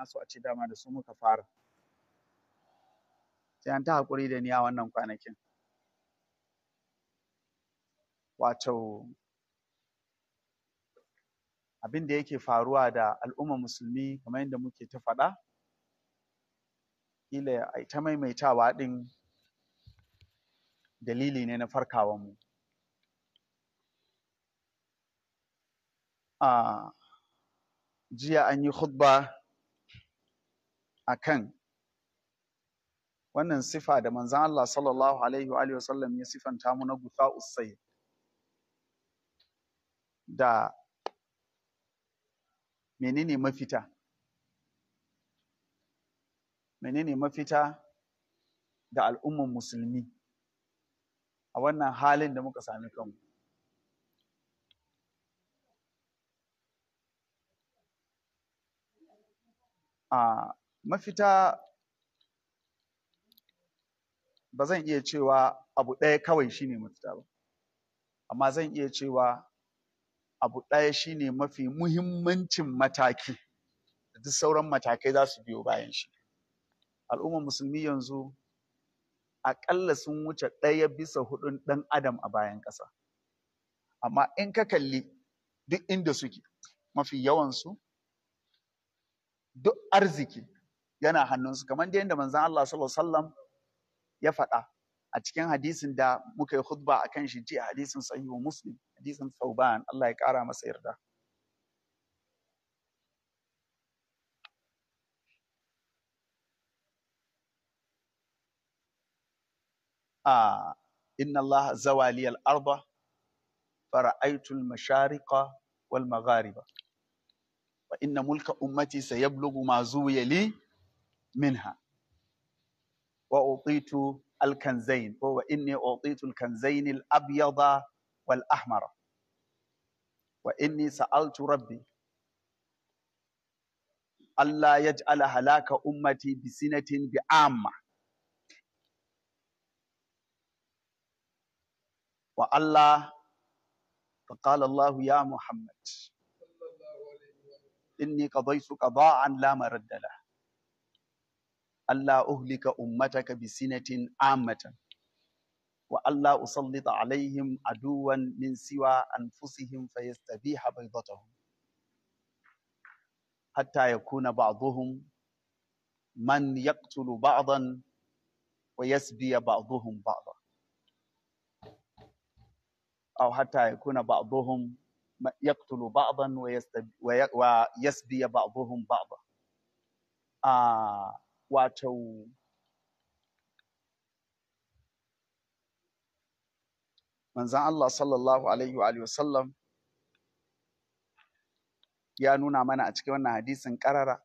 na so a ce dama da su muka fara sai an ta haƙuri da ni a wannan kwanakin wato abin da yake faruwa da al'ummar musulmi kamar yadda muke ta faɗa ƙila a ta maimaitawa ɗin dalili ne na farkawanmu a ah, jiya an yi khutba akan wannan sifa da manzan Allah sallallahu alaihi wa sallam ya sifanta mu na gusa usai da menene mafita menene mafita da al'umman musulmi a wannan halin da muka sami kanmu a mafita ba zan iya cewa abu ɗaya kawai shine mafita ba amma zan iya cewa abu ɗaya shine mafi muhimmancin mataki da duk sauran matakai za su biyo bayan shi al'ummar musulmi yanzu aƙalla sun wuce ɗaya bisa hudun ɗan adam a bayan ƙasa amma in ka kalli duk inda suke mafi yawansu duk arziki yana hannunsu kamar dai yadda manzon Allah sallallahu alaihi wasallam ya faɗa a cikin hadisin da muka yi khutba akan shi ji hadisin sahihu muslim hadisin sauban Allah ya ƙara masa yarda a inna Allah zawali al-arba fara'aitu al-mashariqa wal maghariba wa inna mulka ummati sayablugu ma zuwiya li منها وأعطيت الكنزين هو إني أعطيت الكنزين الأبيض والأحمر وإني سألت ربي ألا يجعل هلاك أمتي بسنة بعامة وألا فقال الله يا محمد إني قضيت قضاء لا مرد له Allah uhlika ummataka bi sinatin Amatan. wa Allah usallita alaihim aduwan min siwa anfusihim fayastabiha baydatahum hatta yakuna ba'dhum man yaqtulu ba'dan wa yasbiya ba'dhum ba'dan aw hatta yakuna ba'dhum yaqtulu ba'dan wa yasbiya ba'dhum ba'dan ah, watau manzan Allah sallallahu alaihi wa sallam ya nuna mana a cikin wannan hadisin ƙarara.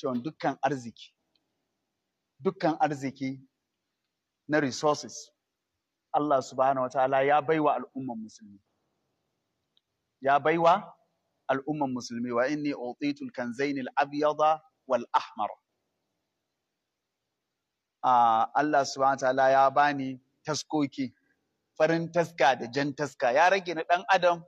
cewa dukkan arziki dukkan arziki na resources Allah subhanahu ta'ala ya baiwa al'umman musulmi ya baiwa al'umman musulmi wa inni utitul kanzainil abyada wal ahmar Allah subhanahu ta'ala ya bani taskoki farin taska da jan taska ya rage na dan adam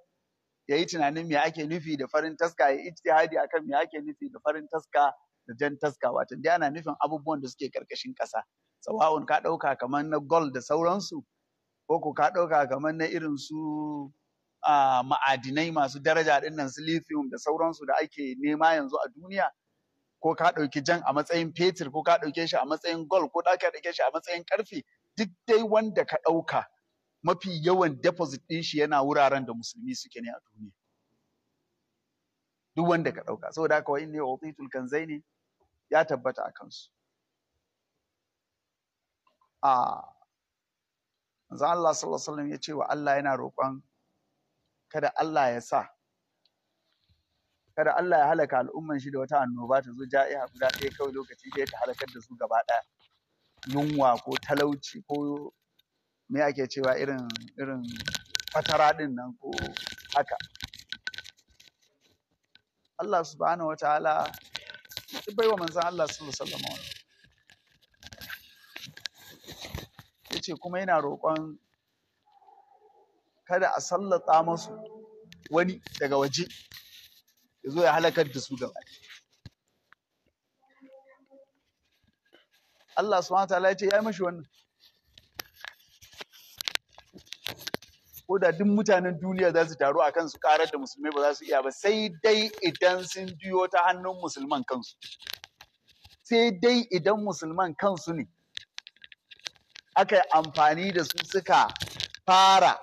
ya yi tunanin me ake nufi da farin taska ya ijtihadi akan me ake nufi da farin taska da jan taska wato dai ana nufin abubuwan da suke karkashin ƙasa sawa'un ka ɗauka kamar na gold da sauransu ko ko ka ɗauka kamar na irin su ma'adinai masu daraja dinnan nan su lithium da sauransu da ake nema yanzu a duniya ko ka ɗauki jan a matsayin fetur ko ka ɗauke shi a matsayin gol, ko ka ɗauke shi a matsayin ƙarfe duk dai wanda ka ɗauka mafi yawan deposit ɗin shi yana wuraren da musulmi suke ne a duniya duk wanda ka ɗauka saboda haka wa'in ne wa tulkan kanzai ne ya tabbata a kansu a manzo Allah sallallahu alaihi wasallam ya ce wa Allah yana roƙon kada Allah ya sa kada Allah ya halaka al'umman shi da wata annoba ta zo ja'iha guda ɗaya kawai lokaci ɗaya ta halakar da su gaba ɗaya yunwa ko talauci ko me ake cewa irin irin fatara ɗin nan ko haka Allah subhanahu wa ta'ala duk baiwa manzan Allah sallallahu alaihi wasallam yace kuma yana roƙon kada a sallata masu wani daga waje ya ya halakar da su gaba Allah subhanahu wataala ya ce ya yi mashi wannan ko da duk mutanen duniya za su taru a su karar da musulmai ba za su iya ba sai dai idan sun biyo ta hannun musulman kansu sai dai idan musulman kansu ne aka yi amfani da su suka fara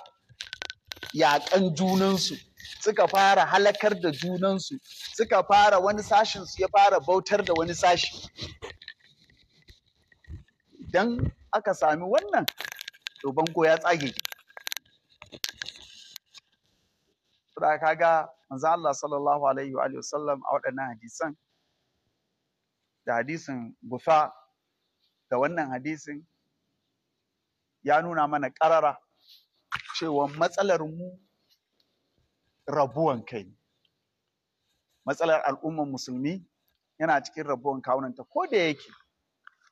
yaƙan junansu suka fara halakar da junansu suka fara wani sashin su ya fara bautar da wani sashi idan aka sami wannan to bango ya tsage da kaga manzo Allah sallallahu alaihi wa sallam a waɗannan hadisan da hadisin gufa da wannan hadisin ya nuna mana ƙarara cewa matsalar mu rabuwan kai matsalar al'ummar musulmi yana cikin rabuwan kawunanta ko da yake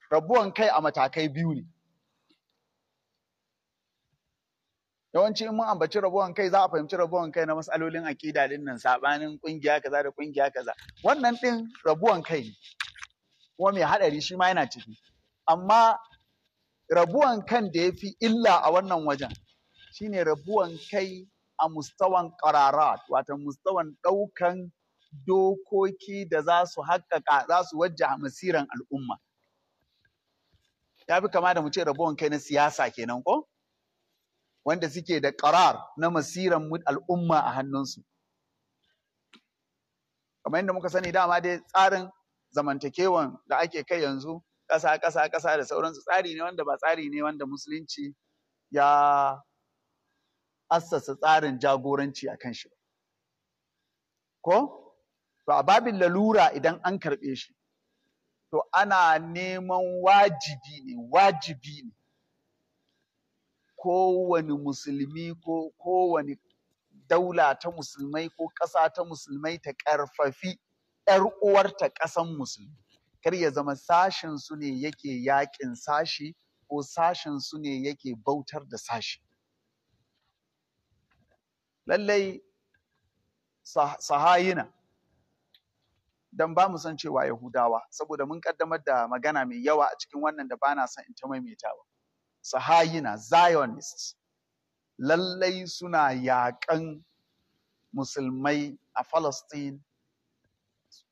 rabuwan kai a matakai biyu ne yawanci in mun ambaci rabuwan kai za a fahimci rabuwan kai na matsalolin akida din nan sabanin kungiya kaza da kungiya kaza wannan din rabuwan kai ne kuma mai haɗari shi ma yana ciki amma rabuwan kan da ya fi illa a wannan wajen shine rabuwan kai a mustawan ƙarara wato mustawan ɗaukan dokoki da za su haƙƙaƙa za su wajja masiran al'umma ya fi kama da mu ce rabuwan kai na siyasa kenan ko wanda suke da ƙarar na masiran al'umma a hannunsu kamar yadda muka sani dama dai tsarin zamantakewan da ake kai yanzu ƙasa ƙasa ƙasa da sauransu tsari ne wanda ba tsari ne wanda musulunci ya assasa tsarin jagoranci a kan shi ko to a babin lalura idan an karɓe shi to ana neman wajibi ne wajibi ne kowane musulmi ko kowane daula ta musulmai ko ƙasa ta musulmai ta ƙarfafi 'yar uwarta ƙasan musulmi kar ya zama sashen su ne yake yaƙin sashi ko sashen su ne yake bautar da sashi lallai sahayina don ba mu san cewa Yahudawa, saboda mun ƙaddamar da magana mai yawa a cikin wannan da ba na son in ta maimaitawa. Sahayina, Zionists, lallai suna yaƙan musulmai a Falastin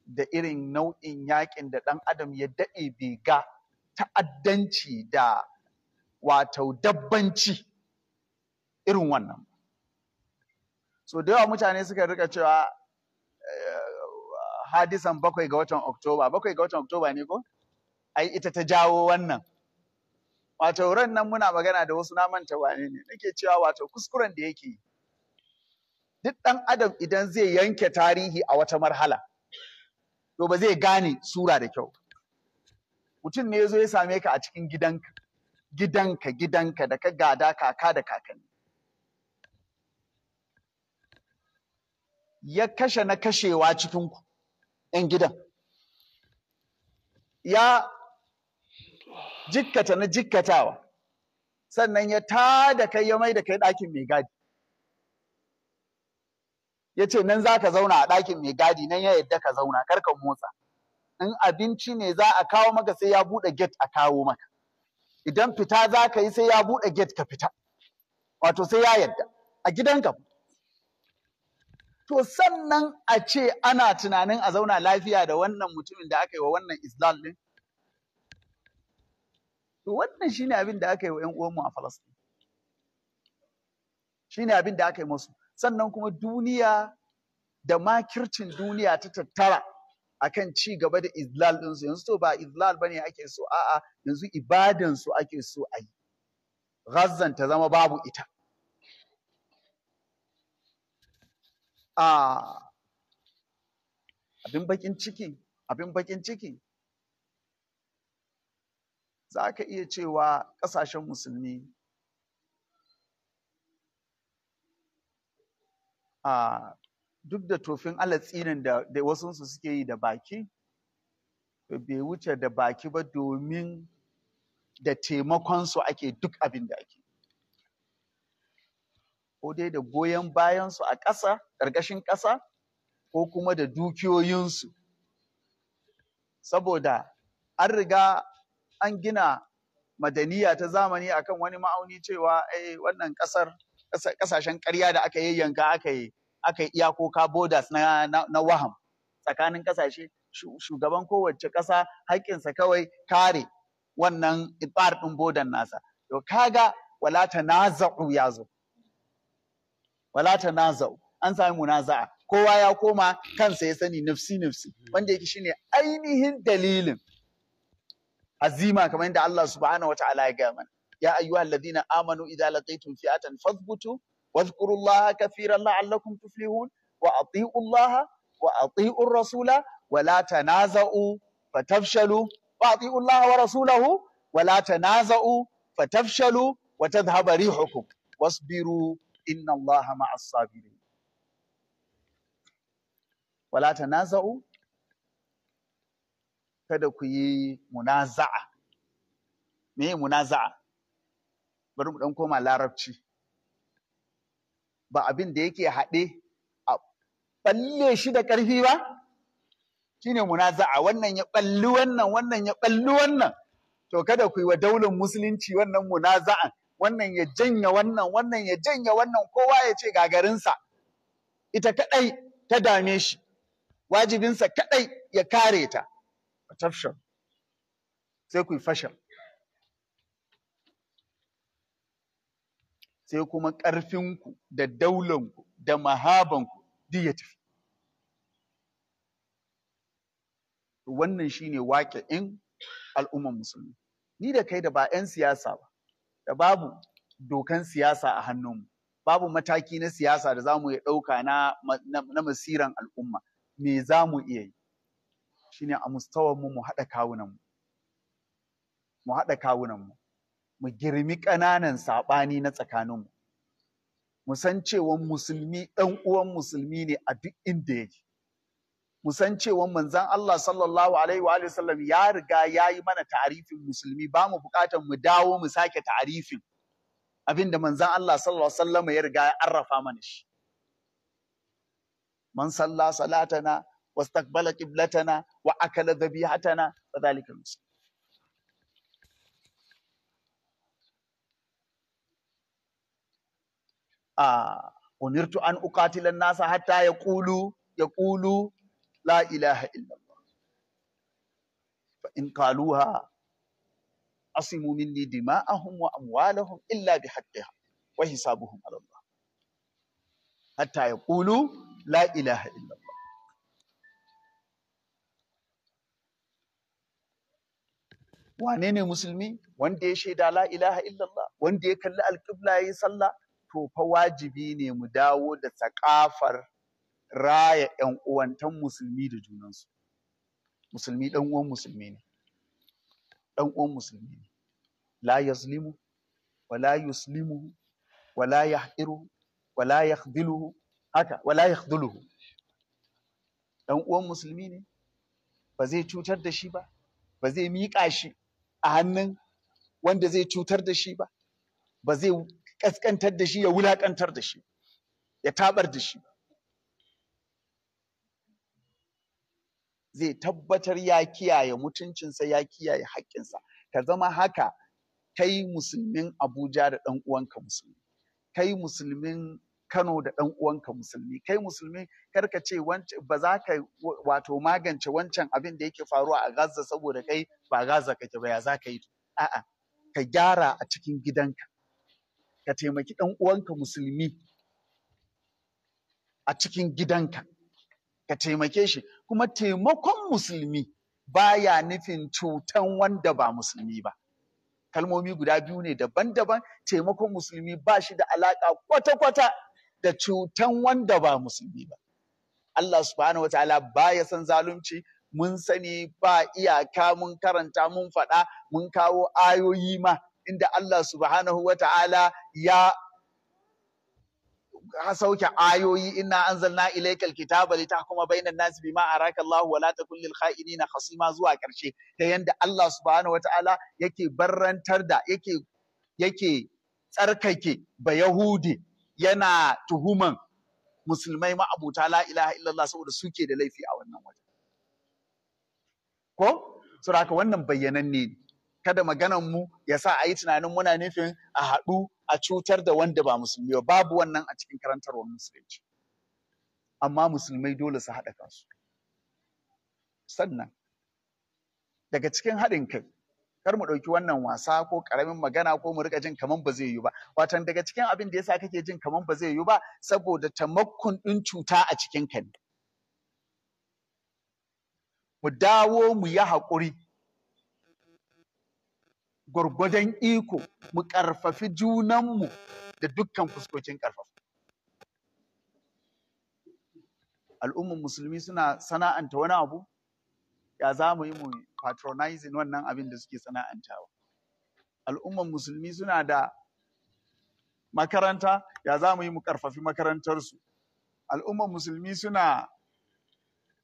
da irin nau'in yaƙin da ɗan adam ya daɗe bai ga ta'addanci da wato dabbanci irin wannan. so da yawa mutane suka rika cewa eh, hadisan bakwai ga watan oktoba bakwai ga watan oktoba ne ko ai ita ta jawo wannan wato ran nan muna magana da wasu naman wane ne nake cewa wato kuskuren da yake duk ɗan adam idan zai yanke tarihi a wata marhala to ba zai gane sura da kyau mutum ne ya ya same ka a cikin gidanka gidanka gidanka da ka gada kaka da kakanni ya kashe na kashewa cikinku ‘yan gidan. Ya jikkata na jikkatawa, sannan ya ta da kai ya mai da kai ɗakin mai gadi. Ya ce, Nan za ka zauna a ɗakin mai gadi, nan ya yadda ka zauna, kar ka motsa. In abinci ne za a kawo maka sai ya buɗe get a kawo maka. Idan fita za ka yi sai ya buɗe get ka fita. Wato sai ya yadda. A gidanka. to sannan a ce ana tunanin a zauna lafiya da wannan mutumin da aka yi wa wannan islam ɗin to wannan shi ne abin da aka yi wa uwanmu a Shi ne abin da aka yi musu sannan kuma duniya da makircin duniya ta tattara a kan ci gaba da izlal ɗinsu yanzu to ba izlal ne ake so a'a yanzu ibadansu ake so a yi ta zama babu ita a abin bakin ciki abin bakin ciki za ka iya cewa ƙasashen musulmi a duk da tofin alatsinin da wasunsu suke yi da baki bai wuce da baki ba domin da taimakonsu ake duk abin da ake ko dai da goyon bayansu a ƙasa ƙarƙashin ƙasa ko kuma da dukiyoyinsu saboda an riga an gina madaniya ta zamani akan wani ma'auni cewa eh wannan ƙasar ƙasashen ƙarya da aka yayyanka aka yi aka yi iyakoka borders na, na, waham tsakanin ƙasashe shugaban kowace ƙasa haƙƙinsa kawai kare wannan ibar ɗin bodan nasa to kaga wala tanaza'u ya zo wala tanaza'u an sami munaza'a kowa ya koma kansa ya sani nafsi nafsi hmm. wanda yake shine ainihin dalilin azima kamar yadda Allah subhanahu wataala ya gaya mana ya ayyuhal ladina amanu idza laqaytum fi'atan fathbutu wadhkurullaha kathiran la'allakum tuflihun wa ati'u Allah wa ati'u ar-rasula wa la tanaza'u fatafshalu wa ati'u Allah wa rasulahu wa la tanaza'u fatafshalu wa tadhhabu rihukum wasbiru inna Allaha ma'as sabirin wala tanaza'u kada ku yi munaza'a me munaza'a bari mu dan koma larabci ba abin da yake haɗe a balle shi da ƙarfi ba shine munaza'a wannan ya balli wannan wannan ya balli wannan to kada ku yi wa daular musulunci wannan munaza'an wannan ya janya wannan wannan ya janya wannan kowa ya ce gagarinsa ita kadai ta dame shi wajibinsa kadai ya kare ta tafshar sai ku yi fashal sai kuma ƙarfinku da daulanku da mahabanku duk ya tafi wannan shine in al'umman musulmi ni da kai da ba 'yan siyasa ba Da babu dokan siyasa a hannunmu babu mataki na siyasa da za mu iya ɗauka na, masiran al'umma me za mu iya yi Shin a mustawar mu haɗa kawunanmu mu haɗa kawunanmu mu girmi ƙananan saɓani na tsakaninmu mu san cewa musulmi ɗan uwan musulmi ne a duk inda yake mu san cewa manzon Allah sallallahu alaihi wa sallam ya riga ya yi mana ta'arifin musulmi ba mu buƙatar mu dawo mu sake ta'arifin abinda manzon Allah sallallahu alaihi wa sallam ya riga ya arrafa mana shi man salla salatana واستقبل قبلتنا وأكل ذبيحتنا فذلك المسلم آه أمرت أن أقاتل الناس حتى يقولوا يقولوا la ilaha illallah fa in qaluha asimu minni dima'ahum wa amwalahum illa bihaqqiha wa hisabuhum ala Allah hatta yaqulu la ilaha illallah wane ne musulmi wanda ya shaida la ilaha illallah wanda ya kalli alƙibla ya yi sallah to fa wajibi ne mu dawo da tsakafar raya ‘yan uwantan musulmi da junansu. Musulmi ɗan uwan musulmi ne. Ɗan uwan musulmi ne. La yazlimu wa la yuslimu wa la yahqiru wa la yakhdiluhu haka wa la yakhdhuluhu. Ɗan uwan musulmi ne. Ba zai cutar da shi ba. Ba zai miƙa shi a hannun wanda zai cutar da shi ba. Ba zai ƙasƙantar da shi ya wulaƙantar da shi. Ya tabar da shi ba. zai tabbatar ya kiyaye mutuncinsa ya kiyaye haƙƙinsa ka zama haka kai musulmin abuja da ɗan uwanka musulmi kai musulmin kano da ɗan uwanka musulmi kai musulmi karka ce ba za ka wato magance wancan abin da yake faruwa a gaza saboda kai ba gaza kake ba ya za ka yi a'a ka gyara a cikin gidanka ka taimaki ɗan uwanka musulmi a cikin gidanka ka taimake shi kuma taimakon musulmi baya nufin cutan wanda ba musulmi ba kalmomi guda biyu ne daban-daban taimakon musulmi ba shi da alaƙa kwata-kwata da cutan wanda ba musulmi ba Allah subhanahu wa ta'ala baya san zalunci mun sani ba iyaka mun karanta mun faɗa mun kawo ayoyi ma inda Allah subhanahu wa ta'ala ya sauke ayoyi inna anzalna ilaykal kitaba litahkuma bainan nasi bima araka Allah wa la takun lil kha'inina khasima zuwa karshe ta yanda Allah subhanahu wataala yake barrantar da yake yake tsarkake ba Yahudi yana tuhuman musulmai ma'abuta la ilaha illallah saboda suke da laifi a wannan wata ko saboda haka wannan bayyananne ne kada maganan mu ya sa a yi tunanin muna nufin a haɗu a cutar da wanda ba musulmi ba babu wannan a cikin karantarwar musulunci amma musulmai dole su haɗa kansu sannan daga cikin haɗin kai kar mu ɗauki wannan wasa ko ƙaramin magana ko mu riƙa jin kamar ba zai yiwu ba watan daga cikin abin da yasa kake jin kamar ba zai yiwu ba saboda tamakkun ɗin cuta a cikin ka mu dawo mu yi haƙuri gwargwadon iko mu ƙarfafi junanmu da dukkan fuskokin ƙarfafa. Al'ummar musulmi suna sana'anta wani abu, ya za mu yi mu patronizing wannan abin da suke sana'antawa. Al'ummar musulmi suna da makaranta, ya za mu yi mu ƙarfafi makarantarsu. Al'ummar musulmi suna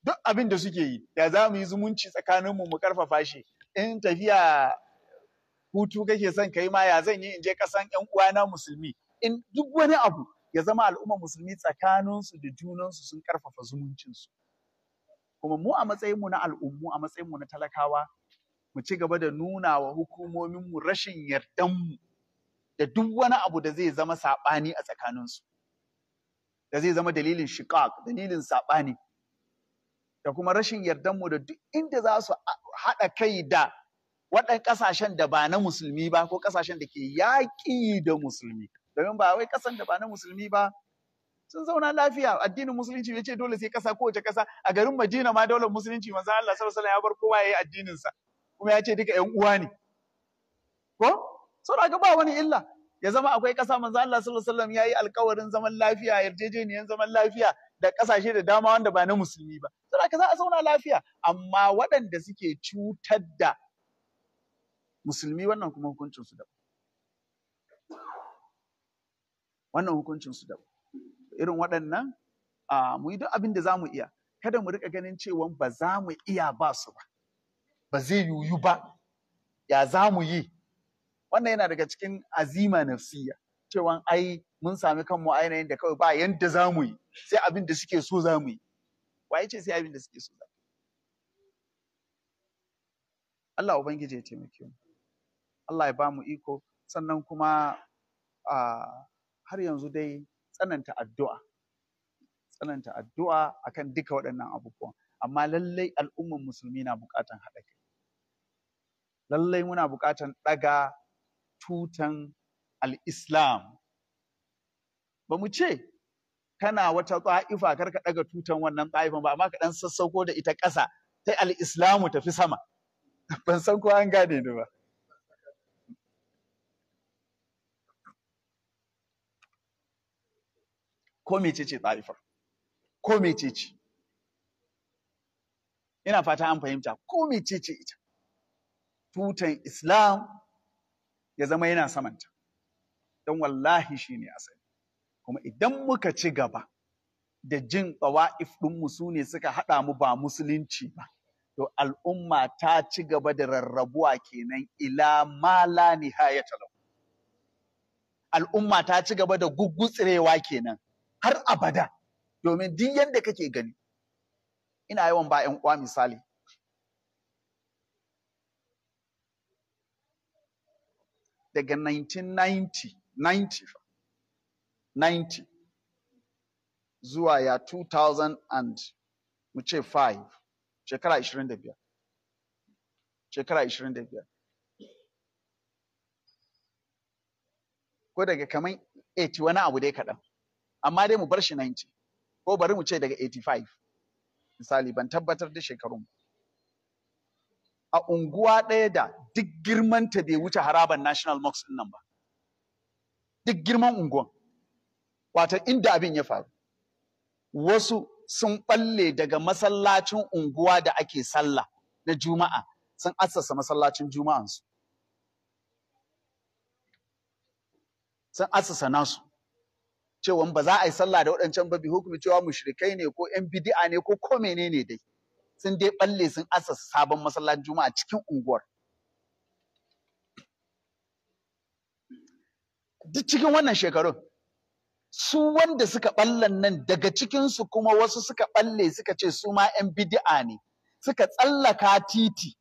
duk abin da suke yi, ya za mu yi zumunci tsakaninmu mu ƙarfafa shi. In tafiya hutu kake son kai ma ya zan yi in je kasan yan uwana musulmi in duk wani abu ya zama al'umma musulmi tsakaninsu da junansu sun karfafa zumuncinsu kuma mu a matsayinmu na al'ummu a mu na talakawa mu ci gaba da nuna wa hukumominmu rashin yardanmu da duk wani abu da zai zama saɓani a tsakaninsu da zai zama dalilin shiqaq dalilin saɓani da kuma rashin mu da duk inda za su haɗa kai da waɗan ƙasashen da ba na musulmi ba ko ƙasashen da ke yaƙi da musulmi domin ba wai ƙasan da ba na musulmi ba sun zauna lafiya addinin musulunci ya ce dole sai ƙasa ko wace ƙasa a garin Madina ma dole musulunci manzo Allah sallallahu ya bar kowa yayi addinin sa kuma ya ce duka ƴan uwa ne ko saboda ga ba wani illa ya zama akwai ƙasa manzo Allah sallallahu yayi alƙawarin zaman lafiya yarjejeniyan zaman lafiya da ƙasashe da dama wanda ba na musulmi ba saboda ka za a zauna lafiya amma waɗanda suke cutar da musulmi wannan kuma hukuncin su daban wannan hukuncin su daban irin waɗannan mu yi duk abin da za mu iya kada mu rika ganin cewa ba za mu iya ba su ba ba zai yiwu ba ya za mu yi wannan yana daga cikin azima nafsiya cewa ai mun sami kanmu ainihin da kawai ba yadda za mu yi sai abin da suke so za mu yi waye ce sai abin da suke so za mu yi Allah Ubangiji ya taimake mu Allah ya ba mu iko sannan kuma har yanzu dai tsananta addu'a tsananta addu'a akan duka waɗannan abubuwan amma lallai al'umman musulmi na buƙatan haɗa kai lallai muna buƙatan ɗaga tutan al'islam ba mu ce kana wata ƙa'ifa kar ka ɗaga tutan wannan ƙa'ifan ba amma ka ɗan sassauko da ita ƙasa sai al'islamu tafi sama ban san ko an gane ni ba ko mecece ta'ifar ko mecece ina fata an fahimta ko mecece ita tutan islam ya zama yana samanta don wallahi shi shine asali kuma idan muka ci gaba da jin tsawa'if ɗinmu sune ne suka haɗa mu ba musulunci ba to al'umma ta ci gaba da rarrabuwa kenan ila mala la nihayata al'umma ta ci gaba da gugutsirewa kenan har abada domin duk yadda kake gani ina yawan ba ƴan uwa misali daga 1990 90 zuwa ya 2000 and mu ce 5 shekara 25 shekara 25 ko daga kamar 80 wani abu dai kaɗan amma dai mu bar shi 90 ko bari mu ce daga 85 misali ban tabbatar da shekarun a unguwa ɗaya da duk girmanta bai wuce haraban national mosque ɗinnan nan ba duk girman unguwan wato inda abin ya faru wasu sun ɓalle daga masallacin unguwa da ake sallah na juma'a sun assasa masallacin juma'ansu sun assasa nasu cewa ba za a yi sallah da waɗancan ba bi hukumi cewa mushrikai ne ko yan bid'a ne ko ko menene dai sun dai balle sun asa sabon masallacin juma'a cikin unguwar duk cikin wannan shekarun su wanda suka ballan nan daga cikinsu kuma wasu suka balle suka ce su ma 'yan bidi'a ne suka tsallaka titi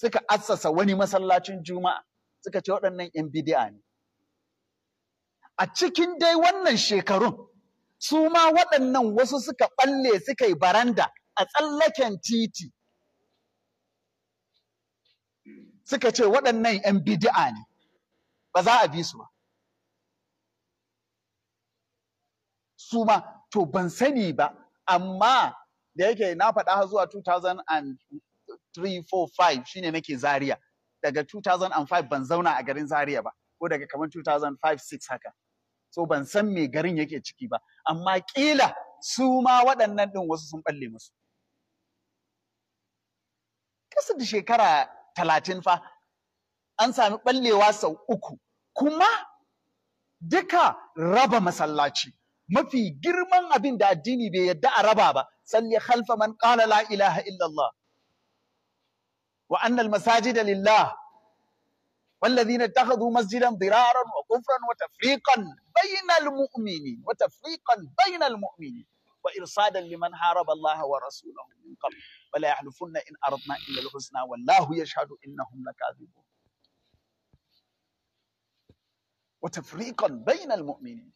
suka assasa wani masallacin juma'a suka ce waɗannan 'yan bidi'a ne a cikin dai wannan shekarun su ma waɗannan wasu suka ɓalle suka yi baranda a tsallaken titi suka ce waɗannan 'yan bidi'a ne ba za a bi su ba su ma to ban sani ba amma da yake na faɗa har zuwa 2003-4-5 shine nake zaria daga 2005 ban zauna a garin zaria ba ko daga kamar 2005-6 haka so ban san me garin yake ciki ba amma kila su ma waɗannan ɗin wasu sun ɓalle musu kasa da shekara talatin fa an sami ɓallewa sau uku kuma duka raba masallaci mafi girman abin da addini bai yadda a raba ba salli khalfa man qala la ilaha illallah wa annal masajida lillah والذين اتخذوا مسجدا ضرارا وكفرا وتفريقا بين المؤمنين وتفريقا بين المؤمنين وإرصادا لمن حارب الله ورسوله من قبل ولا يحلفن إن أردنا إلا الحسنى والله يشهد إنهم لكاذبون وتفريقا بين المؤمنين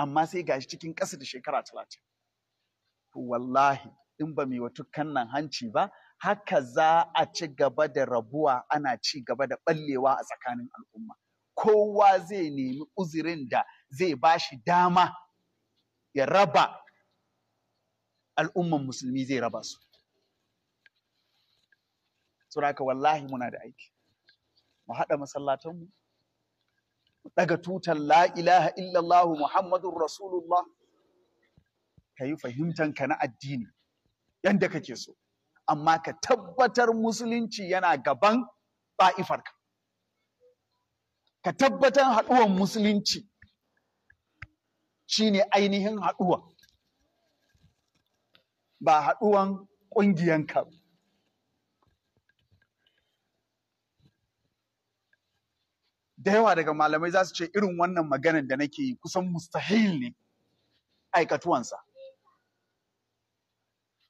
amma sai gashi cikin ƙasa da shekara talatin to wallahi in ba mu yi wa tukkan nan hanci ba haka za a ci gaba da rabuwa ana ci gaba da ɓallewa a tsakanin al'umma kowa zai nemi uzurin da zai ba shi dama ya raba al'umman musulmi zai raba su suraka wallahi muna da aiki mu haɗa masallatanmu mu ɗaga tutar la'ilaha ilaha illallah muhammadun rasulullah ka yi fahimtanka na addini yadda kake so amma ka tabbatar musulunci yana gaban ba'ifarka. ka tabbatar haɗuwan musulunci shi ne ainihin haɗuwa ba haɗuwan ƙungiyanka ka. da yawa daga malamai za su ce irin wannan maganar da nake yi kusan mustahil ne aikatuwansa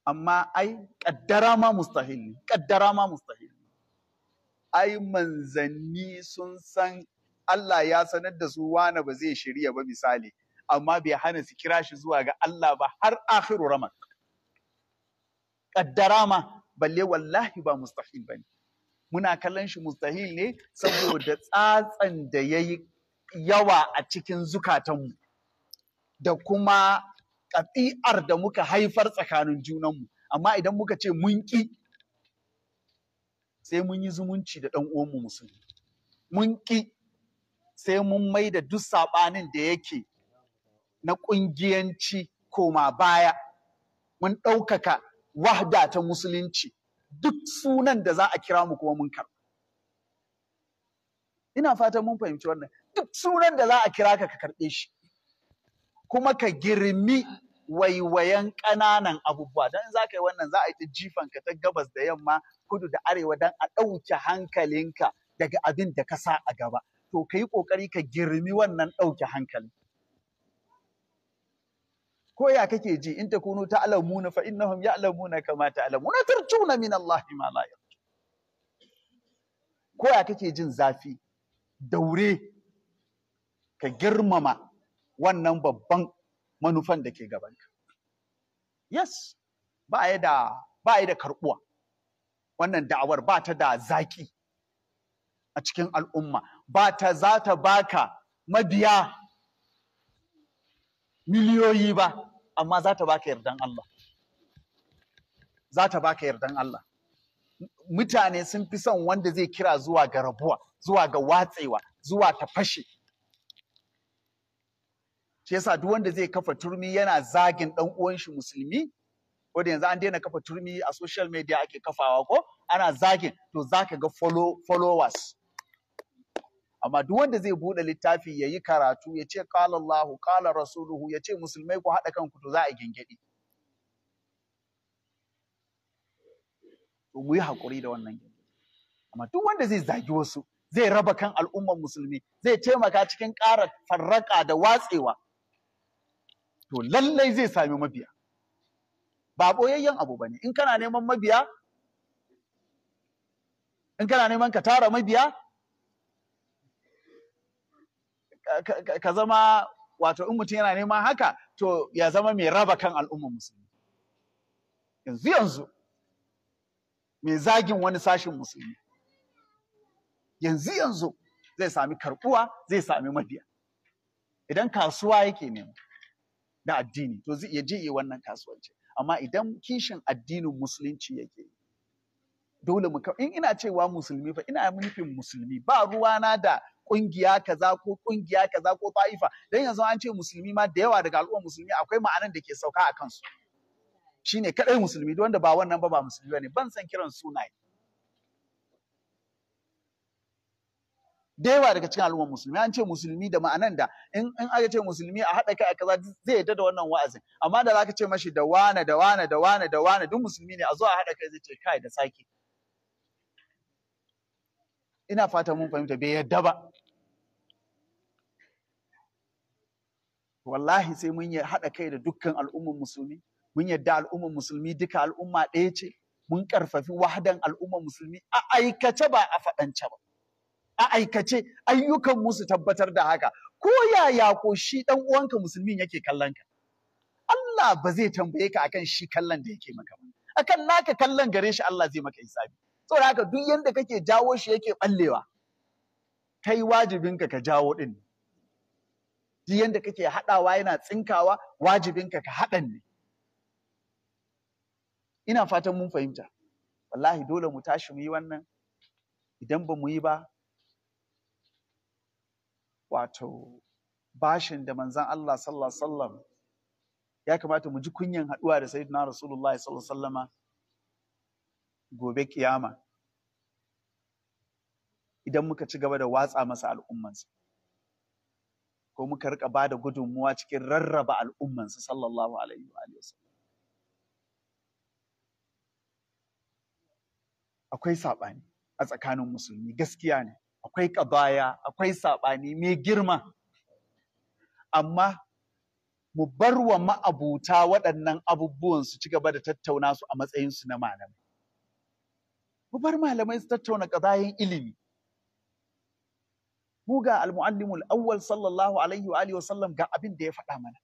amma ai kaddara ma mustahil kaddara ma mustahil ai manzanni sun san Allah ya sanar da su wane ba zai shirya ba misali amma bai hana su kira shi zuwa ga Allah ba har akhiru ramad kaddara ma balle wallahi ba mustahil bane muna kallon shi mustahil ne saboda tsatsan da yayi yawa a cikin zukatanmu da kuma ƙabi'ar da muka haifar tsakanin junanmu amma idan muka ce mun ƙi sai mun yi zumunci da ɗan uwanmu musulmi mun ƙi sai mun mai da duk saɓanin da yake na ƙungiyanci koma baya mun ɗaukaka wahda ta musulunci duk sunan da za a kira mu kuma mun karɓa ina fatan mun fahimci wannan duk sunan da za a kira ka ka karɓe shi kuma ka girmi waiwayen ƙananan abubuwa don za ka yi wannan za a yi jifan ka ta gabas da yamma kudu da arewa don a ɗauke hankalinka daga abin da ka sa a gaba to ka yi ƙoƙari ka girmi wannan ɗauke hankali ko ya kake ji in ta fa'in na ya alamu na kama ta ta'lamuna na min Allah ma la ko ya kake jin zafi daure ka girmama wannan babban manufan da ke gabanka. Yes, ba ya da ba ya da karbuwa. Wannan da'awar ba ta da zaƙi a cikin al'umma, ba ta za ta baka mabiya miliyoyi ba, amma za ta baka yardan Allah. Za ta baka yardan Allah. Mutane sun fi son wanda zai kira zuwa ga rabuwa, zuwa ga watsewa, zuwa ta fashe, shi yasa duk wanda zai kafa turmi yana zagin dan uwan shi musulmi ko da yanzu an daina kafa turmi a social media ake kafawa ko ana zagin to zaka ga follow followers amma duk wanda zai bude littafi ya yi karatu ya ce qala Allah qala rasuluhu ya ce musulmai ku hada kanku to za a gengedi to mu yi hakuri da wannan amma duk wanda zai zagi wasu zai raba kan al'ummar musulmi zai taimaka cikin ƙara farraka da watsewa to lallai zai sami mabiya ba ɓoyayyen abu bane in kana neman mabiya in kana neman ka tara mabiya ka zama wato in mutum yana neman haka to ya zama mai raba kan al'umma musulmi yanzu yanzu mai zagin wani sashin musulmi yanzu yanzu zai sami karɓuwa, zai sami mabiya idan kasuwa yake nema na addini to zai iya je iya wannan kasuwanci amma idan kishin addinin musulunci yake dole mu in ina cewa musulmi fa ina nufin musulmi ba ruwa na da kungiya kaza ko kungiya kaza ko ta'ifa dan yanzu an ce musulmi ma da yawa daga al'ummar musulmi akwai ma'anan da ke sauka a kansu shine kadai musulmi wanda ba wannan ba ba musulmi bane ban san kiran sunaye da yawa daga cikin al'ummar musulmi an ce musulmi da ma'anan da in in aka ce musulmi a haɗa kai a kaza zai yadda da wannan wa'azin amma da zaka ce mashi da wane da wane da wane da wane duk musulmi ne a zo a haɗa kai zai ce kai da sake ina fata mun fahimta bai yadda ba wallahi sai mun haɗa kai da dukkan al'ummar musulmi mun yadda al'ummar musulmi duka al'umma ɗaya ce mun ƙarfafi wahadan al'ummar musulmi a aikace ba a faɗance ba a aikace ayyukan musu tabbatar da haka ko yaya ko shi dan uwanka musulmin yake kallon ka Allah ba zai tambaye ka akan shi kallon da yake maka ba akan naka kallon gare shi Allah zai maka hisabi saboda haka duk yanda kake jawo shi yake ballewa kai wajibinka ka jawo din duk yanda kake haɗawa yana tsinkawa wajibinka ka haɗan ne ina fatan mun fahimta wallahi dole mu tashi mu yi wannan idan ba mu yi ba wato bashin da manzan Allah sallallahu sallam ya kamata mu ji kunyan haɗuwa da sayyidina rasulullahi sallallahu sallama gobe kiyama idan muka ci gaba da watsa masa al'ummansa ko muka rika ba da gudunmuwa cikin rarraba al'ummansa sallallahu alaihi wa sallam akwai saɓani a tsakanin musulmi gaskiya ne akwai kabaya akwai saɓani mai girma amma mu bar wa ma'abuta waɗannan abubuwan su ci gaba da tattauna su a matsayinsu na malamai mu bar malamai su tattauna ƙazayin ilimi mu ga almu'allimul awwal sallallahu alaihi wa alihi wasallam ga abin da ya faɗa mana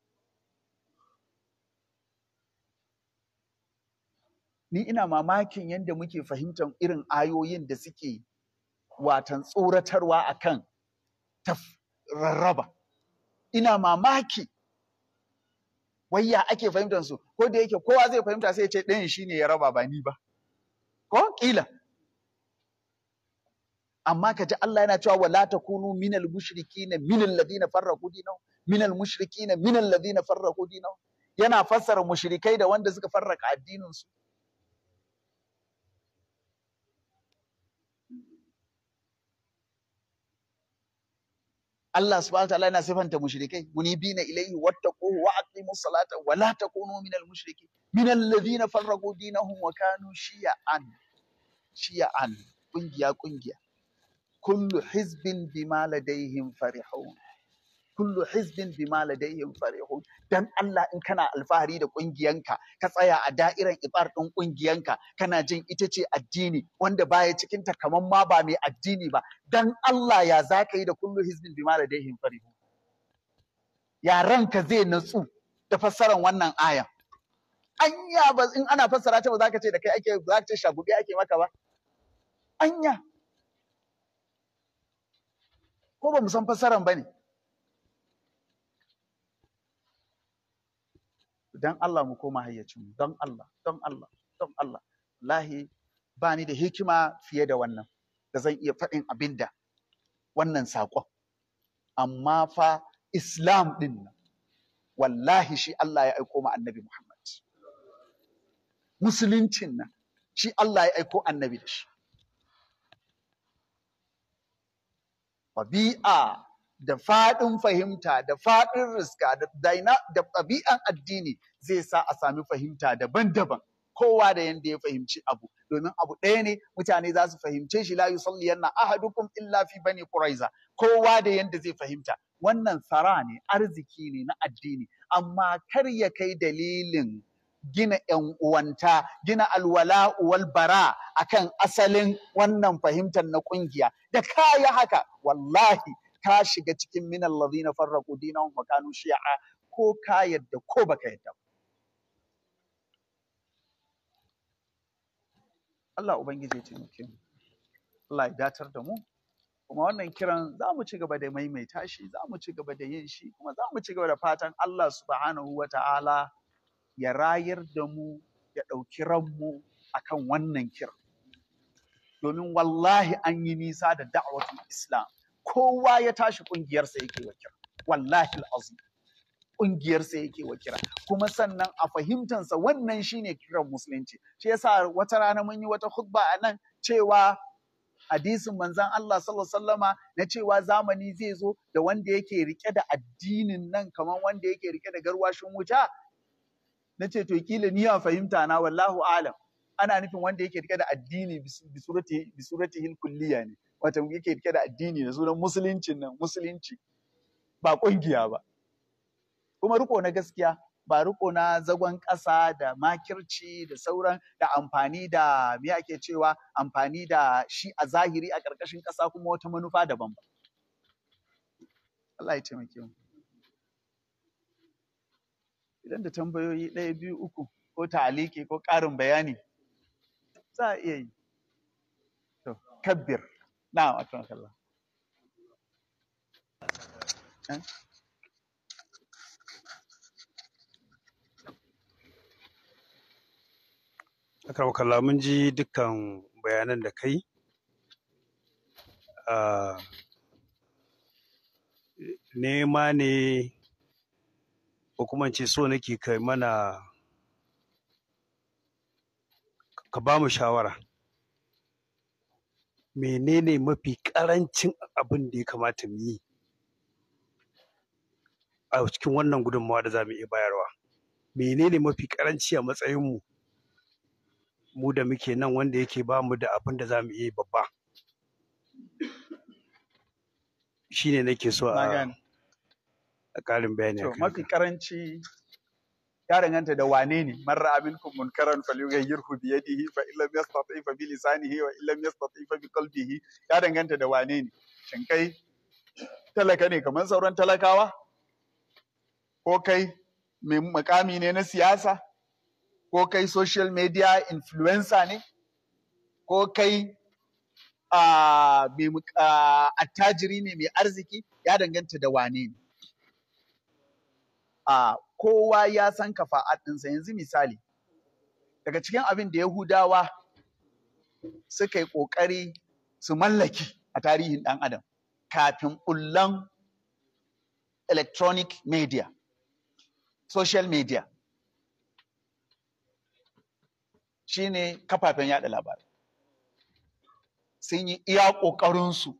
ni ina mamakin yadda muke fahimtar irin ayoyin da suke watan tsoratarwa akan ta rarraba ina mamaki ya ake fahimtar su ko da yake kowa zai fahimta sai ya ce ɗayan shine ya raba ba ni ba ko ƙila. amma ka ji Allah yana cewa wala kunu minal mushrikina minal ladina farraqu dinahum minal mushrikina minal ladina farraqu dinahum yana fassara mushrikai da wanda suka farraka addinin su Allah subhanahu wataala yana sifanta mushrikai munibina ilayhi wattaquhu wa aqimus salata wa la takunu minal mushrikin minal ladina farragu dinahum wa kanu shi'an shi'an kungiya kungiya kullu hizbin bima ladayhim farihun kullu hizbin bima ladayhim farihun dan Allah in kana alfahari da kungiyanka ka tsaya a da'iran ibar din kungiyanka kana jin ita ce addini wanda baya cikin ta kaman ma ba mai addini ba dan Allah ya zaka yi da kullu hizbin bima ladayhim farihun ya ranka zai natsu da fassaran wannan ayan anya ba in ana fassara ta ba zaka ce da kai ake zaka ce shagube ake maka ba anya ko ba mu san fassaran ba ne Don Allah mu koma hayyacin mu don Allah don Allah don Allah wallahi ba ni da hikima fiye da wannan da zan iya faɗin abin da wannan saƙon amma fa islam ɗin nan wallahi shi Allah ya aiko ma annabi Muhammad musuluncin nan shi Allah ya aiko annabi da shi bi'a. da faɗin fahimta da faɗin riska da ɗabi'an addini zai sa a sami fahimta daban-daban kowa da yadda ya fahimci abu domin abu ɗaya ne mutane za su fahimce shi la yusalliyanna ahadukum illa fi bani quraiza kowa da yadda zai fahimta wannan tsara ne arziki ne na addini amma kar ya kai dalilin gina ‘yan uwanta, gina alwala uwal bara akan asalin wannan fahimtar na ƙungiya. Da kaya haka, wallahi ka shiga cikin minal ladina farraqu dinahum wa kanu shi'a ko ka yadda ko baka yadda Allah ubangiji ya taimake Allah ya datar da mu kuma wannan kiran za mu ci gaba da maimaita shi za mu ci gaba da yin shi kuma za mu ci gaba da fatan Allah subhanahu wa ta'ala ya rayar da mu ya ɗauki ranmu a kan wannan kiran domin wallahi an yi nisa da da'awatul islam kowa ya tashi ƙungiyarsa yake wa kira wallahi al'azim ƙungiyarsa yake wa kira kuma sannan a fahimtansa wannan shine kiran musulunci shi yasa wata rana mun yi wata khutba a nan cewa hadisin manzan Allah sallallahu sallama na cewa zamani zai zo da wanda yake rike da addinin nan kamar wanda yake rike da garwashin wuta na ce to kila ni ya fahimta na wallahu alam ana nufin wanda yake rike da addini bisurati bisurati kulliya ne Wata yake rike da addini da sunan musuluncin nan musulunci ba kungiya ba kuma riko na gaskiya ba riko na zagon ƙasa da makirci da sauran da amfani da me ake cewa amfani da shi a zahiri a ƙarƙashin ƙasa kuma wata manufa daban ba Allah ya taimake mu idan da tambayoyi ɗaya biyu uku ko ta'aliki ko ƙarin bayani za a iya yi to kabbir na'am akramakallah kalla mun ji dukkan bayanan da kai ah, nema ne ko kuma ce so nake kai mana ka ba mu shawara menene mafi ƙarancin abin da ya kamata mu yi a cikin wannan gudunmawa da za mu iya bayarwa menene mafi karanci a matsayinmu mu da muke nan wanda yake ba mu da abin da za mu iya babba shine nake so a ƙarin bayani mafi karanci ya danganta da wane ne man ra'a minkum munkaran falyughayyirhu bi yadihi fa in lam yastati fa bi lisanihi wa in lam yastati fa bi qalbihi ya danganta da wane ne shin kai talaka ne kamar sauran talakawa ko kai mai makami ne na siyasa ko kai social media influencer ne ko kai attajiri ne mai arziki ya danganta da wane ne kowa ya san kafa'at ɗinsa yanzu misali daga cikin abin da yahudawa suka yi ƙoƙari su mallaki a tarihin ɗan adam kafin ɓullan electronic media social media shine kafafen yada labarai sun yi iya ƙoƙarinsu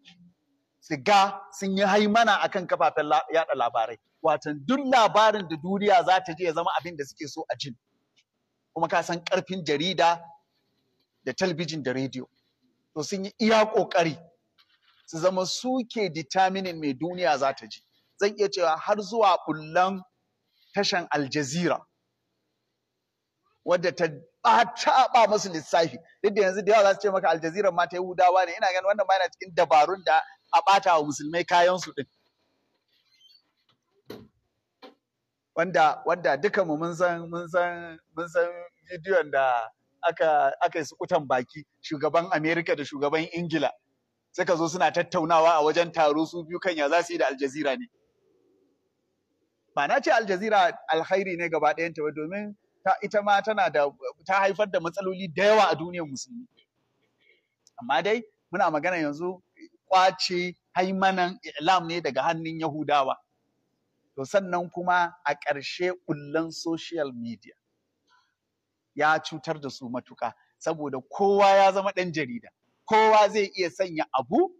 su ga sun yi haimana akan kafafen yada labarai watan duk labarin da duniya za ta je ya zama abin da suke so a jin kuma ka san karfin jarida da talbijin da rediyo to sun yi iya kokari su zama suke determining mai duniya za ta ji zan iya cewa har zuwa bullan tashan aljazira wadda ta ba musu lissafi duk da yanzu da yawa za su ce maka aljazira ma ta yi hudawa ne ina ganin wannan ma yana cikin dabarun da a ɓata wa musulmai kayan su din wanda wanda duka mu mun san mun san mun san bidiyon da aka aka su sukutan baki shugaban Amerika da shugaban Ingila suka zo suna tattaunawa a wajen taro su biyu kan ya za su yi da Aljazira ne ba na ce Aljazira alkhairi ne gaba ɗayanta ba domin ta ita ma tana da ta haifar da matsaloli da yawa a duniyar musulmi amma dai muna magana yanzu kwace haimanan ilam ne daga hannun Yahudawa to sannan kuma a ƙarshe ƙullan social media ya cutar da su matuƙa saboda kowa ya zama ɗan jarida kowa zai iya sanya abu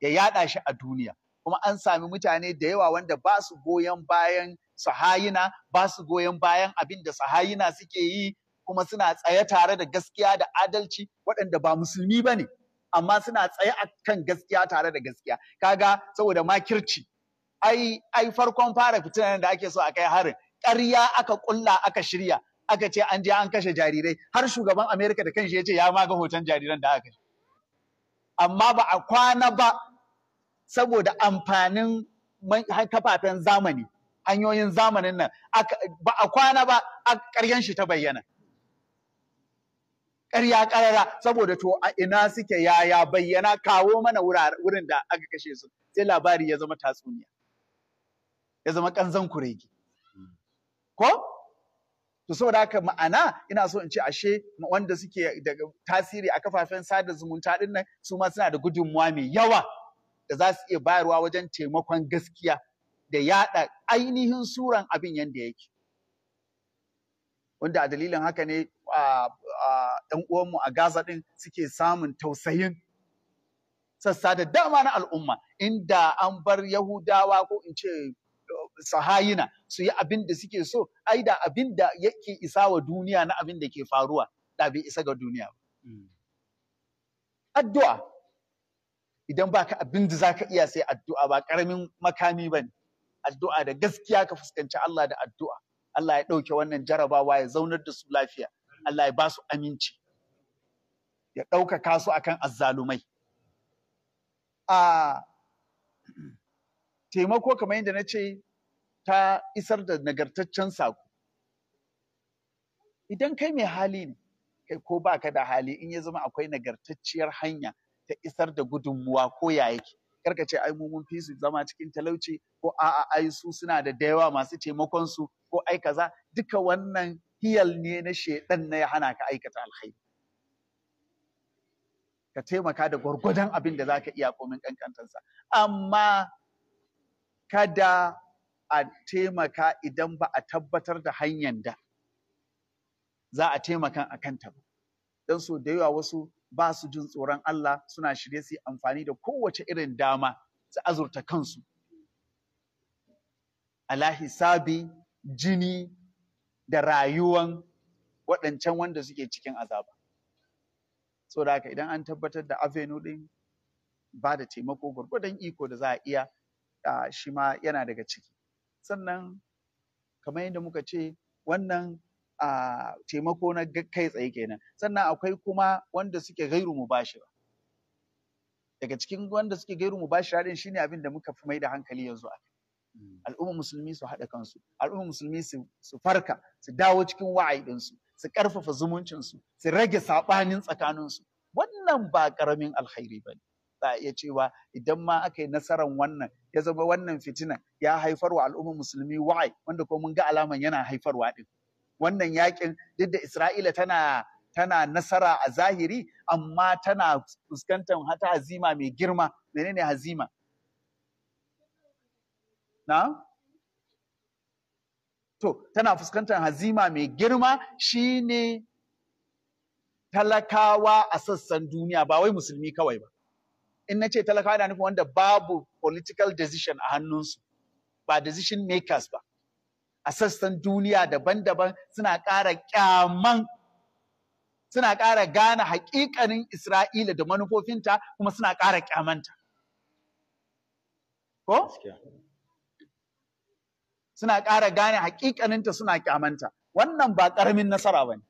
ya yaɗa shi a duniya kuma an sami mutane da yawa wanda ba su goyon bayan sahayina ba su goyon bayan abin da sahayina suke yi kuma suna tsaye tare da gaskiya da adalci waɗanda ba musulmi ba ne amma suna tsaye a kan gaskiya tare da gaskiya kaga saboda makirci ai ai farkon fara fitinan da ake so a kai harin ƙarya aka kulla aka shirya aka ce an je an kashe jarirai har shugaban Amerika da kanshi ya ce ya maga hoton jariran da aka amma ba a kwana ba saboda amfanin kafafen zamani hanyoyin zamanin nan ba a kwana ba a ƙaryan shi ta bayyana ƙarya ƙarara saboda to a ina suke yaya bayyana kawo mana wurin da aka kashe su sai labari ya zama tatsuniya ya zama kanzan kuregi hmm. ko to saboda haka ma'ana ina so in ce ashe wanda suke da tasiri a kafafen sada zumunta din nan su ma suna da gudunmuwa mai yawa da za su iya bayarwa wajen taimakon gaskiya da yaɗa ainihin suran abin yadda yake wanda a dalilin haka ne ɗan uwanmu a Gaza ɗin suke samun tausayin sassa da dama na al'umma inda an bar Yahudawa ko in ce sahayina su yi abin da suke so ai da abin da yake isa wa duniya na abin da ke faruwa da bai isa ga duniya ba hmm. addu'a idan baka abin da zaka iya sai addu'a ba karamin makami ne addu'a da gaskiya ka fuskanci Allah da addu'a Allah ya ɗauke wannan jarabawa ya zaunar da su lafiya Allah ya ba su aminci ya ɗaukaka su akan azzalumai a ah, taimako kamar yadda na ce ta isar da nagartaccen sako idan kai mai hali ne kai ko ba ka da hali in ya zama akwai nagartacciyar hanya ta isar da gudunmuwa ko ya yake karka ce ai mu mun fi su zama cikin talauci ko a'a ai su suna da da masu taimakon su ko ai kaza duka wannan hiyal ne na shedan na ya hana ka aikata alhaini. ka taimaka da gwargwadon abin da za ka iya komin kankantansa amma kada a taimaka idan ba a tabbatar da hanyar da za a taimaka a kanta ba. Don so da yawa wasu ba su jin tsoron Allah suna shirye su yi amfani da kowace irin dama su azurta kansu. Alahi sabi, jini da rayuwan waɗancan wanda suke cikin azaba. So da haka idan an tabbatar da avenue ɗin ba da taimako gwargwadon iko da za a iya shi ma yana daga ciki. sannan kamar yadda muka ce wannan a taimako na kai tsaye kenan sannan akwai kuma wanda suke gairu mubashira daga cikin wanda suke gairu mubashira din shine abin da muka fi mai da hankali yanzu a mm. al'umma musulmi su haɗa kansu al'umma musulmi su farka su dawo cikin wa'ayi ɗinsu su ƙarfafa zumuncinsu su rage saɓanin tsakaninsu wannan ba ƙaramin alkhairi ba ne za a iya cewa idan ma aka yi nasarar wannan ya zama wannan fitinan ya haifarwa al'ummar musulmi wa'ai wanda ko mun ga alaman yana haifarwa din wannan yakin duk da Isra'ila tana tana nasara a zahiri amma tana fuskantar hata hazima mai girma menene hazima na to tana fuskantar hazima mai girma shine talakawa a sassan duniya ba wai musulmi kawai ba in na ce talakawa na nufin wanda babu political decision a hannunsu ba decision makers ba a sassan duniya daban-daban suna ƙara kyaman suna ƙara gane haƙiƙanin Isra'ila da manufofinta kuma suna ƙara kyamanta. Ko? Suna ƙara gane haƙiƙaninta suna kyamanta. Wannan ba ƙaramin nasara ba ne.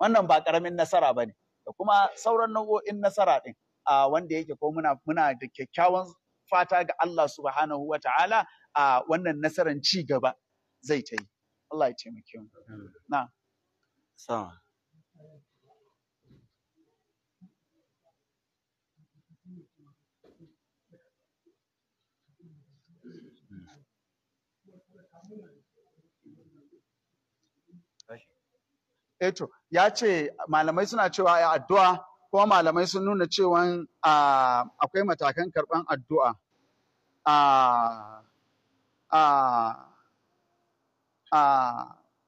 Wannan ba ƙaramin nasara ba ne. Da kuma sauran nau'o'in nasara ɗin. uh, wanda yake ko muna muna da kyakkyawan fata ga Allah subhanahu wa ta'ala a wannan nasarar ci gaba zai ta yi Allah ya taimake mu na sama Eto, eh ya ce malamai suna cewa ya addu'a kuma malamai sun nuna cewa akwai matakan karɓan addu'a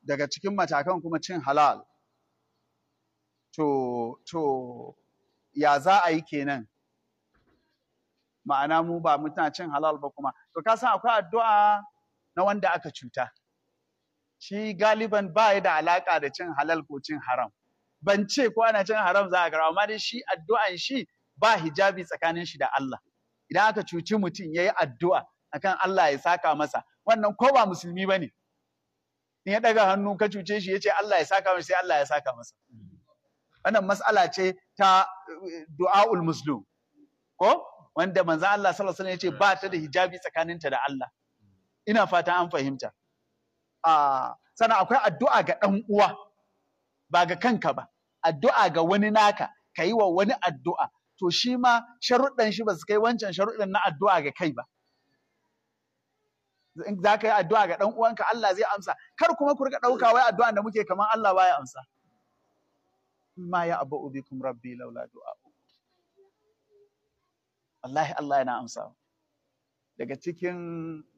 daga cikin matakan kuma cin halal to to ya za a yi kenan ma'ana mu ba mutuna cin halal ba kuma to ka san akwai addu'a na wanda aka cuta shi galiban ba da alaƙa da cin halal ko cin haram ban ce ko ana cin haram za a karba amma dai shi addu'an shi ba hijabi tsakanin shi da Allah idan aka cuci mutum yayi addu'a akan Allah ya saka masa wannan ko ba musulmi bane in ya daga hannu ka cuce shi yace Allah ya saka masa sai Allah ya saka masa wannan mas'ala ce ta eh, du'aul muslim ko wanda manzo Allah sallallahu alaihi wasallam yace ba ta da hijabi tsakaninta da Allah ina fata an fahimta a ah, sannan akwai addu'a ga dan uwa ba ga kanka ba addu'a ga wani naka ka yi wa wani addu'a to shi ma sharuɗan shi ba su kai wancan sharuɗan na addu'a ga kai ba za ka yi addu'a ga ɗan uwanka Allah zai amsa kar kuma ku rika ɗauka wai addu'a da muke kamar Allah baya amsa ma ya abu ubi kum rabbi laula du'a wallahi Allah yana amsa daga cikin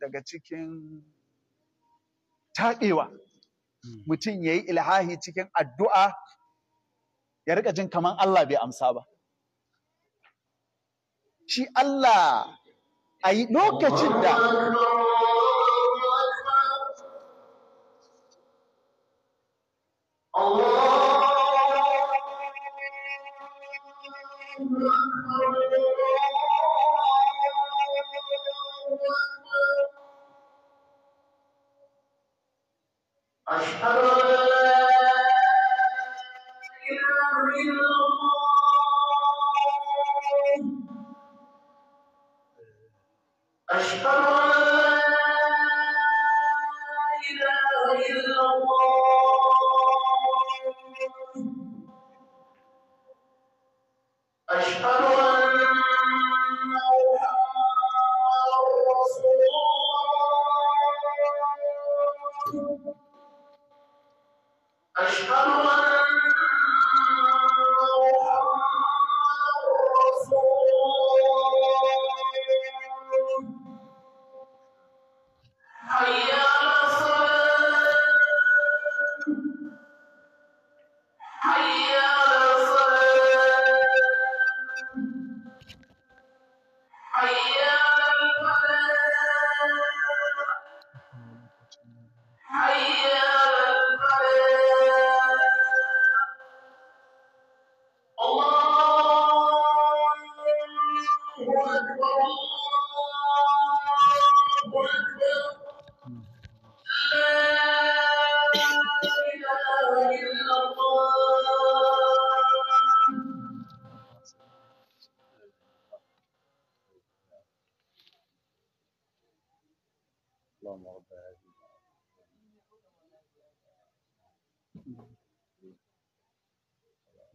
daga cikin taɓewa hmm. mutum ya yi ilhahi cikin addu'a ya rika jin kaman Allah bai amsa ba shi Allah a yi lokacin da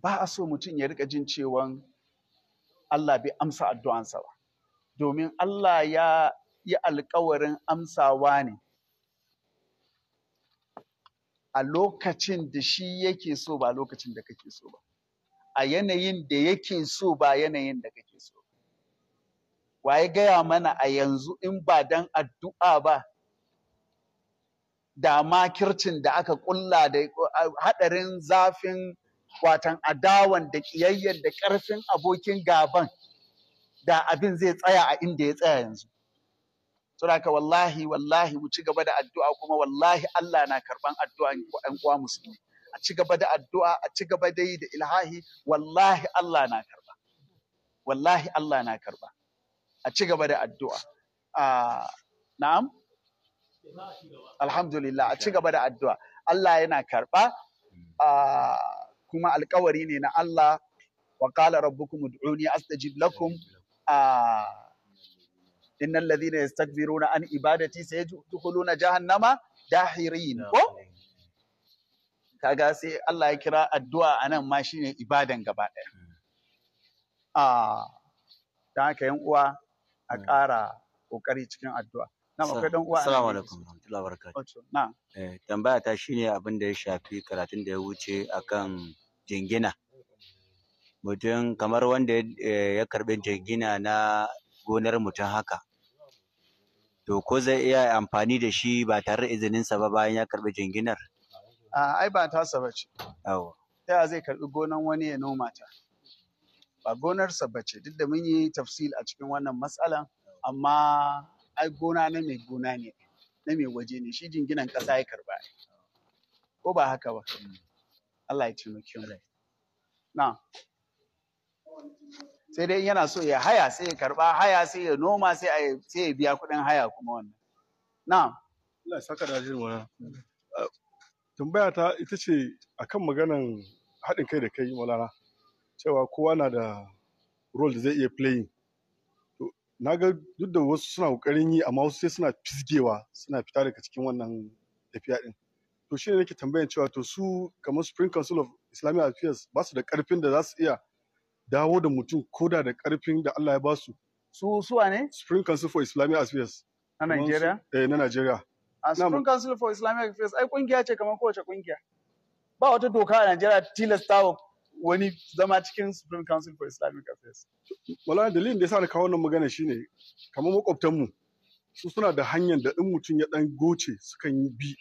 ba a so mutum ya rika jin cewan Allah bai amsa addu'ansa ba domin Allah ya yi alkawarin amsawa ne a lokacin da shi yake so ba lokacin da kake so ba a yanayin da yake so ba yanayin da kake so Wa ya gaya mana a yanzu in ba dan addu'a ba da kircin da aka kulla da haɗarin zafin watan adawan da ƙiyayyar da ƙarfin abokin gaban da abin zai tsaya a inda ya tsaya yanzu. ka wallahi wallahi mu ci gaba da addu'a kuma wallahi Allah na karɓan addu'a ‘yan uwa musulmi. A ci gaba da addu'a a ci gaba da yi da ilhahi wallahi Allah na karɓa. Wallahi Allah na karɓa. A ci gaba da addu'a. Na'am? Alhamdulillah a ci gaba da addu'a. Allah yana karɓa. kuma alkawari ne na Allah wa qala rabbukum ud'uni astajib lakum a innal ladhina yastakbiruna an ibadati sayadkhuluna jahannama dahirin ko kaga sai Allah ya kira addu'a anan ma shine ibadan gaba ɗaya a dan haka yan uwa a mm. ƙara kokari cikin addu'a Assalamu alaikum warahmatullahi wabarakatuh. Na'am. Eh tambaya ta shine abin da ya shafi karatun da ya wuce akan jingina mutum kamar wanda eh, ya karɓi jingina na gonar mutum haka to ko zai iya amfani da shi ba tare da izininsa ba bayan ya karɓi jinginar a'a ai ba sa bace yawa ta zai karɓi gonan wani ya noma ta ba gonar ba ce duk da mun yi tafsil a cikin wannan matsalan amma ai gona na mai gona ne na mai waje ne shi jinginan ƙasa ya karba ko ba haka ba Allah ya taimake mu na sai dai yana so ya haya sai ya karba haya sai ya noma sai ya biya kuɗin haya kuma wannan na Allah ya saka da wa. Eh, tambaya ta ita ce akan maganar haɗin kai da kai malana cewa kowa na da role da zai iya playing na ga duk da wasu suna ƙoƙarin yi amma wasu sai suna fisgewa suna fita daga cikin wannan tafiya ɗin to shi ne nake tambayan cewa to su kamar Supreme Council of Islamic Affairs ba su da karfin da za su iya dawo da mutum koda da karfin da Allah ya ba su. Su suwa ne? Supreme Council for Islamic Affairs. Na Nigeria? Eh, na Nigeria. A Supreme Council for Islamic Affairs ai kungiya ce kamar kowace kungiya. Ba wata doka a Najeriya tilasta wa wani zama cikin Supreme Council for Islamic Affairs. Wala dalilin da ya sa na kawo wannan magana shine kamar makwabtanmu su suna da hanyar da in mutum ya dan goce sukan yi bi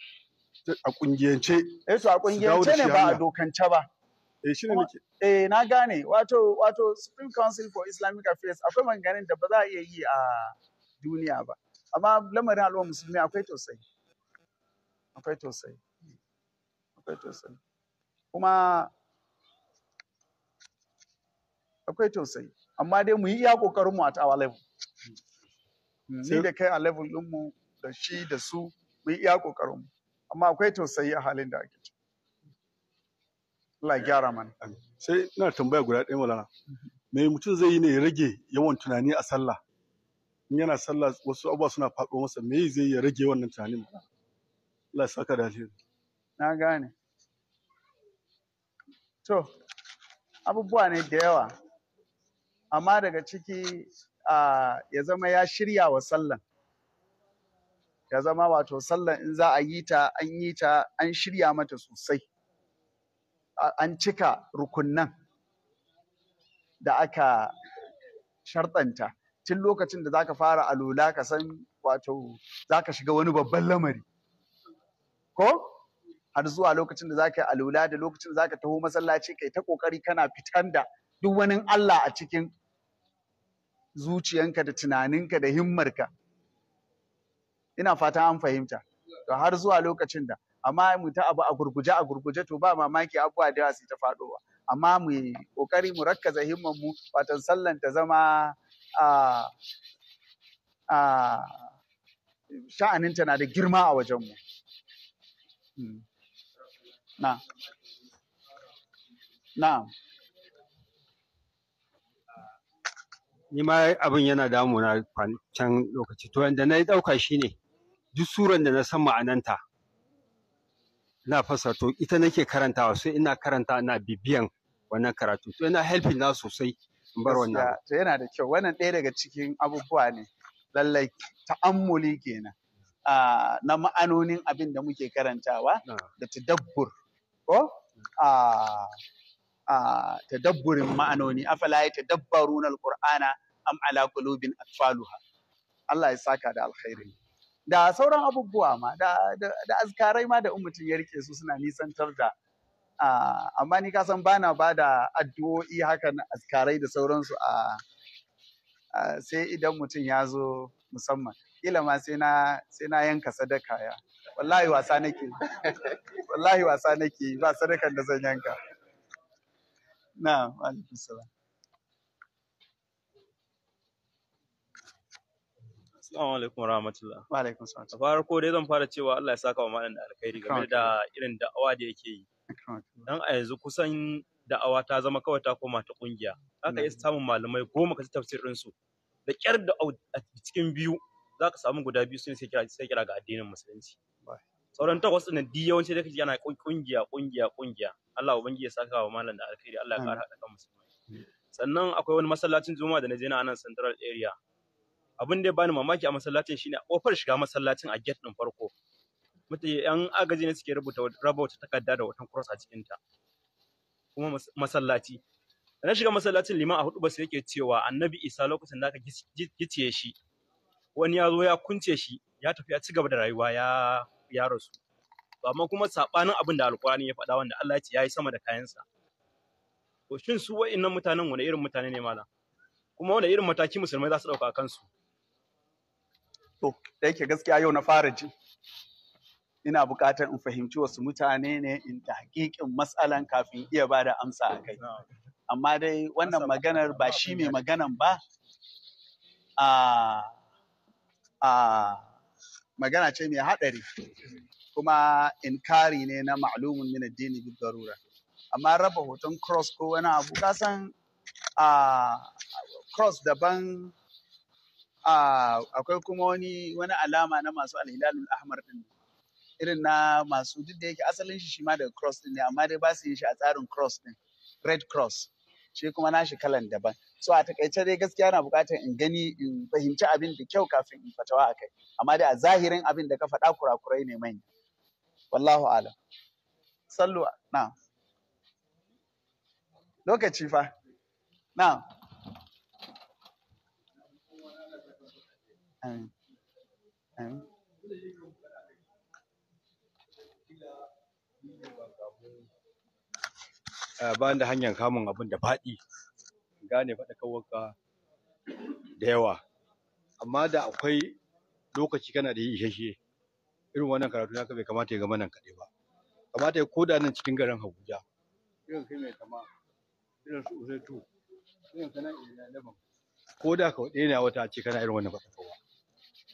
a kungiyance eh to a kungiyance ne ba a dokance ba eh ne nake eh na gane wato wato Supreme Council for Islamic Affairs akwai maganganun da ba za a iya yi a duniya ba amma lamarin al'umma musulmi akwai tausayi akwai tausayi akwai tausayi kuma akwai tausayi amma dai mu yi iya kokarin mu a tawa level ni da kai a level ɗinmu da shi da su mu yi iya kokarin mu amma akwai tausayi a halin da ake ci Allah ya gyara mana sai ina tambaya guda ɗaya malana me mutum zai yi ne ya rage yawan tunani a sallah in yana sallah wasu abubuwa suna faɗo masa me zai ya rage wannan tunanin ma? Allah ya saka da alheri na gane to abubuwa ne da yawa amma daga ciki ya zama ya shirya wa sallan ya zama wato sallan in za a yi ta an yi ta an shirya mata sosai an cika rukunnan da aka shartanta tun lokacin da za ka fara alola ka san wato za ka shiga wani babban lamari ko har zuwa lokacin da za ka yi alola da lokacin da za ka taho masallaci kai ta kokari kana fitan da duk wani Allah a cikin zuciyanka da tunaninka da himmarka ina fata an fahimta to har zuwa lokacin da amma mu ta abu a gurguje a gurguje to ba mamaki abubuwa da yawa ta faɗowa amma mu kokari mu rakkaza himman mu watan sallan ta zama a a sha'anin ta na da girma a wajen mu na hmm. na ni ma abin yana damuna can lokaci to yanda na yi ɗauka shine duk suran da na san ma'ananta ina fasarto to ita nake karantawa sai ina karanta ina bibiyan wannan karatu to ina helping na sosai in bar wannan to yana da kyau wannan ɗaya daga cikin abubuwa ne lallai ta'ammuli kenan na ma'anonin abin da muke karantawa da da tadabbur ko a tadabburin ma'anoni afala ya tadabbaruna alqur'ana am ala qulubin atfaluha Allah ya saka da alkhairi da sauran abubuwa ma da, da, azkarai ma da mutum ya rike su suna nisantar da amma ni kasan bana ba da addu'o'i hakan azkarai da sauransu a sai idan mutum ya zo musamman kila ma sai na sai na yanka sadaka ya wallahi wasa nake wallahi wasa nake ba sadakan da zan yanka na alaikum salam Assalamu alaikum warahmatullah. Wa alaikum salam. farko dai zan fara cewa Allah ya saka wa malam da alkhairi game da irin da'awa da yake yi. Dan a yanzu kusan da'awa ta zama kawai ta koma ta kungiya. Zaka iya samun malamai goma ka ci tafsir ɗinsu. su. Da kyar da a cikin biyu za ka samu guda biyu sun sai kira ga addinin musulunci. Sauran takwas din di yawanci da kake yana kungiya kungiya kungiya. Allah ubangiji ya saka wa malam da alkhairi. Allah ya kara haɗa kan musulmai. Sannan akwai wani masallacin juma'a da na je na anan Central area. abin da ya bani mamaki a masallacin shine kofar shiga masallacin a gate din farko mutane yan agaji ne suke rubuta raba wata takarda da watan cross a cikin ta kuma masallaci na shiga masallacin liman a hudu ba sai yake cewa annabi isa lokacin da aka gice shi wani ya zo ya kunce shi ya tafi ya cigaba da rayuwa ya ya rasu amma kuma sabanin abin da alkurani ya faɗa wanda Allah ya yi sama da kayansa to shin su wa'annan mutanen wani irin mutane ne malam kuma wani irin mataki musulmai za su ɗauka a kansu To, da yake gaskiya yau na fara ji. Ina buƙatar in fahimci wasu mutane ne in ta hakikin matsalan kafin iya ba da amsa a kai. Amma dai wannan maganar ba shi ne maganan ba, a magana ce mai haɗari, kuma in kari ne na ma'lumin min addini bi darura. Amma raba hoton cross ko wani abu, kasan a cross daban akwai kuma wani wani alama na masu alhilalul ahmar din irin na masu duk da yake asalin shi shi ma daga cross din ne amma dai ba su yin shi a tsarin cross din red cross shi kuma nashi kalan daban so a takaice dai gaskiya na bukatar in gani in fahimci abin da kyau kafin in fatawa a kai amma dai a zahirin abin da ka faɗa kurakurai ne manya wallahu alam sallu na lokaci fa na Amin. Amin. Ah, Bayan da hanyar kamun abin da faɗi, gane faɗakarwarka da yawa. Amma da akwai lokaci kana da isasshe irin wannan karatu naka bai kamata ya gama nan kaɗai ba. Kamata ya koda nan cikin garin Abuja. Irin kai mai kama, irin su Uzaitu, irin kana Ililaban. Ko da ka ɗaya ne wata ce kana irin wannan faɗakarwa.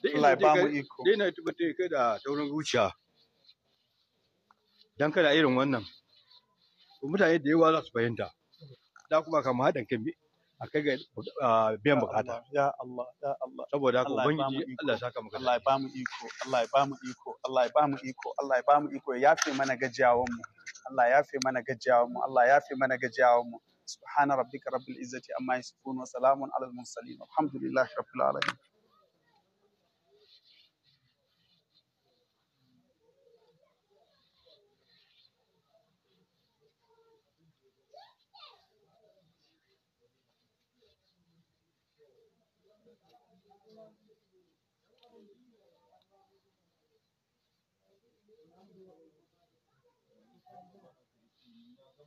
Allah ya bamu iko na da taurin zuciya dan kada irin wannan mutane da yawa za su fahimta da kuma kama haɗin kan a kai ga biyan bukata ya Allah ya Allah saboda haka ubangiji Allah ya saka maka Allah ya bamu iko Allah ya bamu iko Allah ya bamu iko Allah ya bamu iko ya yafe mana gajiyawan mu Allah ya yafe mana Allah ya yafe mana subhana rabbika rabbil izzati amma yasifun wa salamun alal mursalin alhamdulillahi rabbil